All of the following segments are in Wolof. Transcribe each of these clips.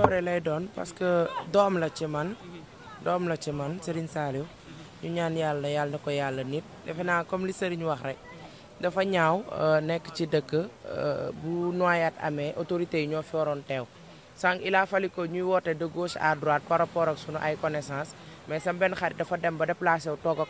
coloré lay doon parce que doom la ci man doom la ci man Serigne Saliou ñu ñaan yàlla yàlla na ko yàlla nit defe naa comme li Serigne wax rek dafa ñaaw euh, nekk ci dëkk euh, bu noyaat amee autorités yi ñoo fi waroon teew sànq il a fallu ñuy woote de gauche à droite par rapport ak sunu ay connaissance mais sam benn xarit dafa dem ba déplacé wu toog ak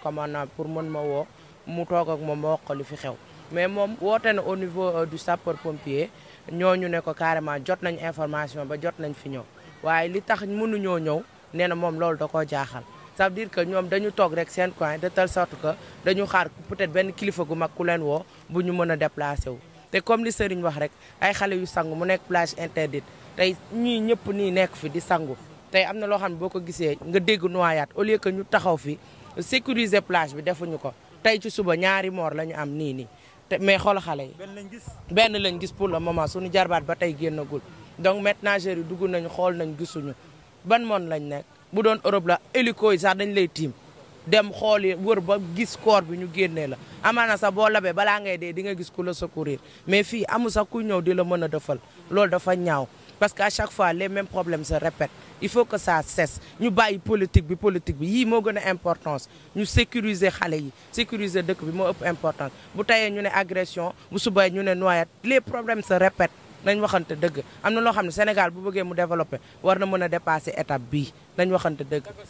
pour mën ma woo mu toog ak moom ma wax ko li fi xew mais moom woote na au niveau euh, du sapeur pompier ñooñu ne ko carrément jot nañ information ba jot nañ fi ñëw waaye li tax mënuñoo ñëw nee na moom loolu da koo jaaxal ça veut que ñoom dañu toog rek seen coin de telle sorte que dañu xaar peut-être benn kilifa gu mag ku leen woo bu ñu mën a déplacé wu te comme li sëriñ wax rek ay xale yu sangu mu nekk plage interdite tey ñii ñëpp nii nekk fi di sangu tey am na loo xam ne boo ko gisee nga dégg noyaat au lieu que ñu taxaw fi sécuriser plage bi defuñu ko tey ci suba ñaari moor la ñu am nii nii te mais xoola xale yi. benn lañ gis benn lañ gis pour le moment suñu jarbaat ba tey génnagul donc maîtres nageurs yi dugg nañu xool nañ gisuñu ban moon lañ ne bu doon Europe la hélico yi dañ lay tiim dem xool yi wër ba gis koor bi ñu génnee la amaana sax boo labee balaa ngay dee di nga gis ku la secourir mais fii amu sax ku ñëw di la mën a defal loolu dafa ñaaw. parce que à chaque fois les mêmes problèmes se répètent il faut que ça cesse ñu bàyyi politique bi politique bi yii moo gën a importance ñu sécuriser xale yi sécuriser dëkk bi moo ëpp importance bu tayee ñu ne agression bu subay ñu ne noyade les problème sa répètent nañ waxante dëgg am na loo xam ne Sénégal bu bëggee mu développé war na mën a dépasser étape bii nañ waxante dëgg. d'accord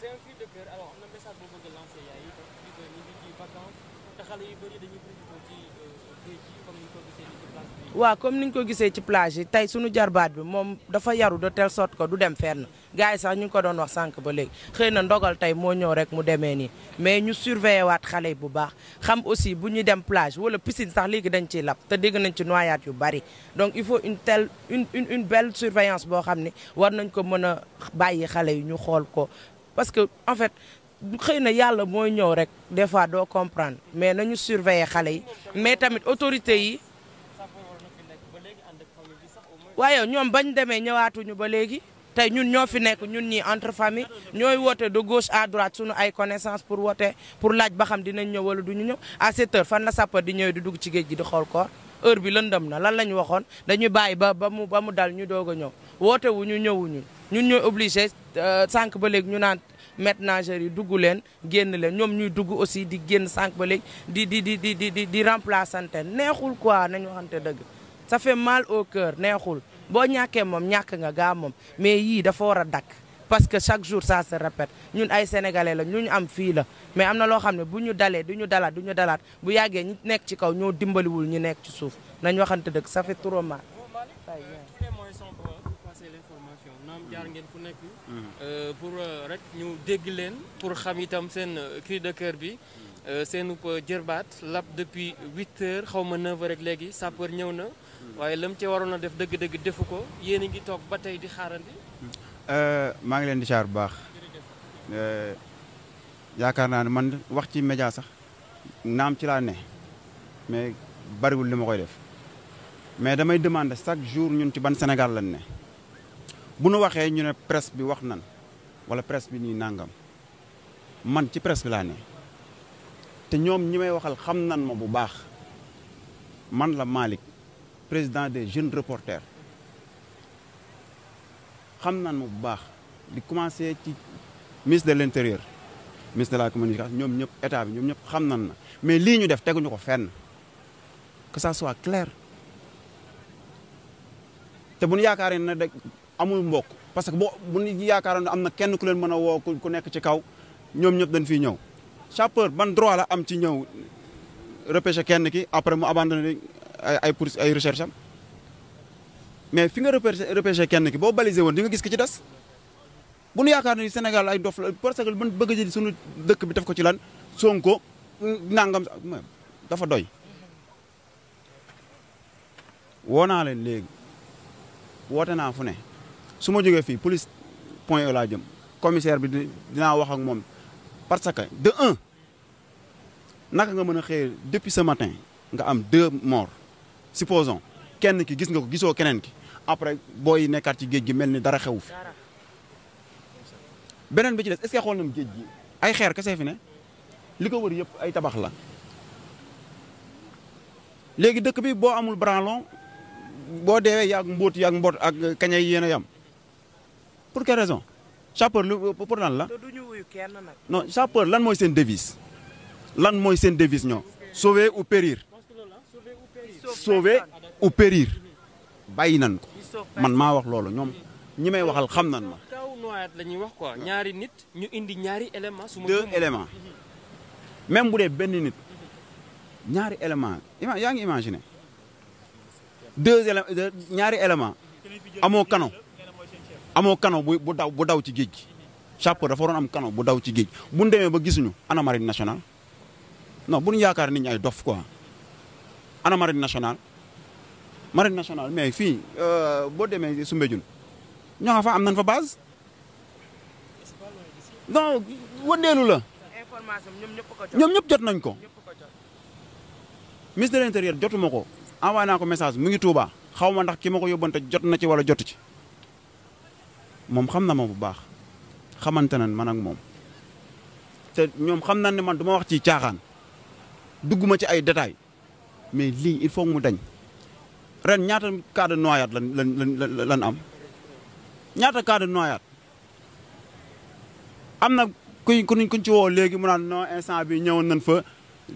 waaw comme niñ ko gisee ci plage yi tey suñu jarbaat bi moom dafa yaru de telle sorte que du dem fenn gars yi sax ñu ngi ko doon wax sànq ba léegi xëy na ndogal tey moo ñëw rek mu demee nii mais ñu surveiller waat xale yi bu baax xam aussi bu ñuy dem plage wala piscine sax léegi dañ ciy lab te dégg nañ ci noyade yu bari donc il faut une tel une une une belle surveillance boo xam ne war nañ ko mën a bàyyi xale yi ñu xool ko parce que en fait xëy na yàlla mooy ñëw rek des fois doo comprendre mais nañu surveiller xale yi waaye ñoom bañ demee ñëwaatuñu ba léegi tey ñun ñoo fi nekk ñun ñii entre famille ñooy woote de gauche à droite suñu ay connaissance pour woote pour laaj ba xam dinañ ñëw wala du ñu ñëw à cette heure fan la sapeur di ñëw di dugg ci géej gi di xool koor heure bi lëndëm na lan la ñu waxoon dañuy bàyyi ba ba mu ba mu dal ñu doog a ñëw woote wu ñu ñëwuñu ñun ñooy obligé euh, sànq ba léegi ñu naan maître yi dugg leen génn leen ñoom ñuy dugg aussi di génn sànq ba léegi di di di di di di remplaçante neexul quoi nañ waxante dëgg ça fait mal au cœur neexul boo ñàkkee moom ñàkk nga gaa moom mais yii dafa war a dakk parce que chaque jour ça se répète ñun ay sénégalais la ñu am fii la mais am na loo xam ne bu ñu dalee du ñu dalaat du ñu dalaat bu yàggee ñu nekk ci kaw ñoo dimbaliwul ñu nekk ci suuf nañ waxante dëkk ça fait trop mal. jaar ngeen fu nekk pour euh, rek ñu dégg leen pour xam itam seen euh, cri de cœur bi euh, seen jërbaat lab depuis huit heures xaw ma neuf heures rek léegi sapeur ñëw na waaye lam ci waroon a def dëgg-dëgg defu ko yéen a ngi toog ba tey di xaarandi. Euh, maa ngi leen di xaar bu baax euh, yaakaar naa ne man wax ci média sax naam ci laa ne mais bariwul li ma koy def mais damay demander chaque jour ñun ci ban senegal la ne bu nu waxee ñu ne presse bi wax nan wala presse bi nii nangam man ci presse bi laa ne te ñoom ñi may waxal xam nan ma bu baax man la Malick président des jeunes reporters xam naan ma bu baax di commencé ci ministre de l' intérieur ministre de la communication ñoom ñëpp état bi ñoom ñëpp xam nan na mais lii ñu def teguñu ko fenn que ça soit clair te bu ñu yaakaaree ne de amul mbokk parce que boo bu ñu yaakaaroon ne am na kenn ku leen mën a woo ku nekk ci kaw ñoom ñëpp dañ fi ñëw. sapeur ban droit am ci ñëw repêché kenn ki après mu abandonné ay pour ay recherche mais fi nga repêché kenn ki boo balisé woon di nga gis ki ci des bu nu yaakaar ni Sénégal ay dof la parce que man bëgg a jël sunu dëkk bi def ko ci lan Sonko nangam dafa doy. woo naa leen léegi woote naa fu ne su ma jógee fii polise point E laa jëm commissaire bi dinaa wax ak moom parce que de un naka nga mën a xëy depuis ce matin nga am deux morts. supposons kenn ki gis nga ko gisoo keneen ki après booy nekkaat ci géej gi mel ni dara xewu fi beneen bi ci des est-ce que xool géej gi ay xeer kese fi ne li ko wër yëpp ay tabax la léegi dëkk bi boo amul branlon boo deewee yaag mbóot yaag mboot ak kañay yéen a yam pour quelle raison sapeur lu pour lan la. du ñu wuyu kenn nag. non sapeur lan mooy seen devise lan mooy seen devise ñoo sauver ou périr. sauver ou périr bàyyi nan ko man maa wax loolu ñoom ñi may waxal xam nan ma. kaw noyade la wax quoi ñaari nit ñu indi ñaari éléments. su ma même bu dee benn nit ñaari éléments yaa ngi imaginer deux éléments ñaari éléments amoo kano amoo kano bu bu daw bu daw ci géej gi. chapeau dafa waroon am kano bu daw ci géej bu ñu demee ba gisuñu ana marine nationale non bu ñu yaakaar nit ñi ay dof quoi. ana marine nationale marine nationale mais fii euh, boo demee Soumbédioune ñoo nga fa am nañ fa base non wëndeelu la ñoom ñëpp jot nañ ko ministre de l'intérieur jotuma ko envoyé naa ko message mu ngi Touba xaw ma ndax ki ma ko yóbbante jot na ci wala jotu ci moom xam na ma bu baax xamante nañ man ak moom te ñoom xam nañ ne man du ma wax ci caaxaan dugguma ci ay détails mais lii il faut mu dañ ren ñaata cas de noyade lan am ñaata cas de noyade am na kuñ kuñ kuñ ci woo léegi mu naan non instant bi ñëwoon nañ fa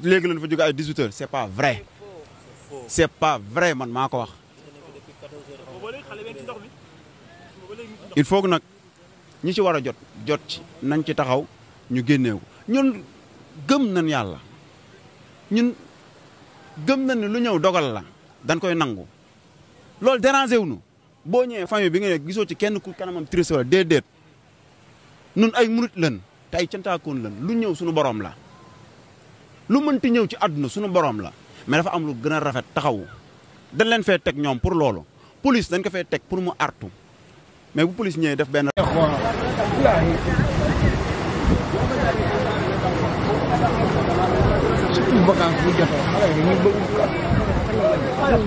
léegi lañ fa jóge ay 18 c'est pas vrai c'est pas vrai man maa ko wax. il faut que nag ñu ci war a jot jot ci nañ ci taxaw ñu génnee ko ñun gëm nañ yàlla ñun. gëm na ne lu ñëw dogal la dañ koy nangu loolu dérangé wu boo ñëwee famille bi nga nekk gisoo ci kenn ku kanamam triste wala déedéet nun ay murit lan te ay cantaakoon lan lu ñëw suñu borom la lu mënti ñëw ci àdduna suñu borom la mais dafa am lu gën a rafet taxawu dañ leen fee teg ñoom pour loolu police dañ ko fee teg pour mu artu mais bu police ñëwee def benn surtout vacance bu jotee xale yi dañuy bëgg ko. xoolal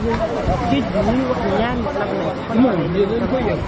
géej gi ñuy wax ñaari fan lañ. moom yéen a ngi koy yëg.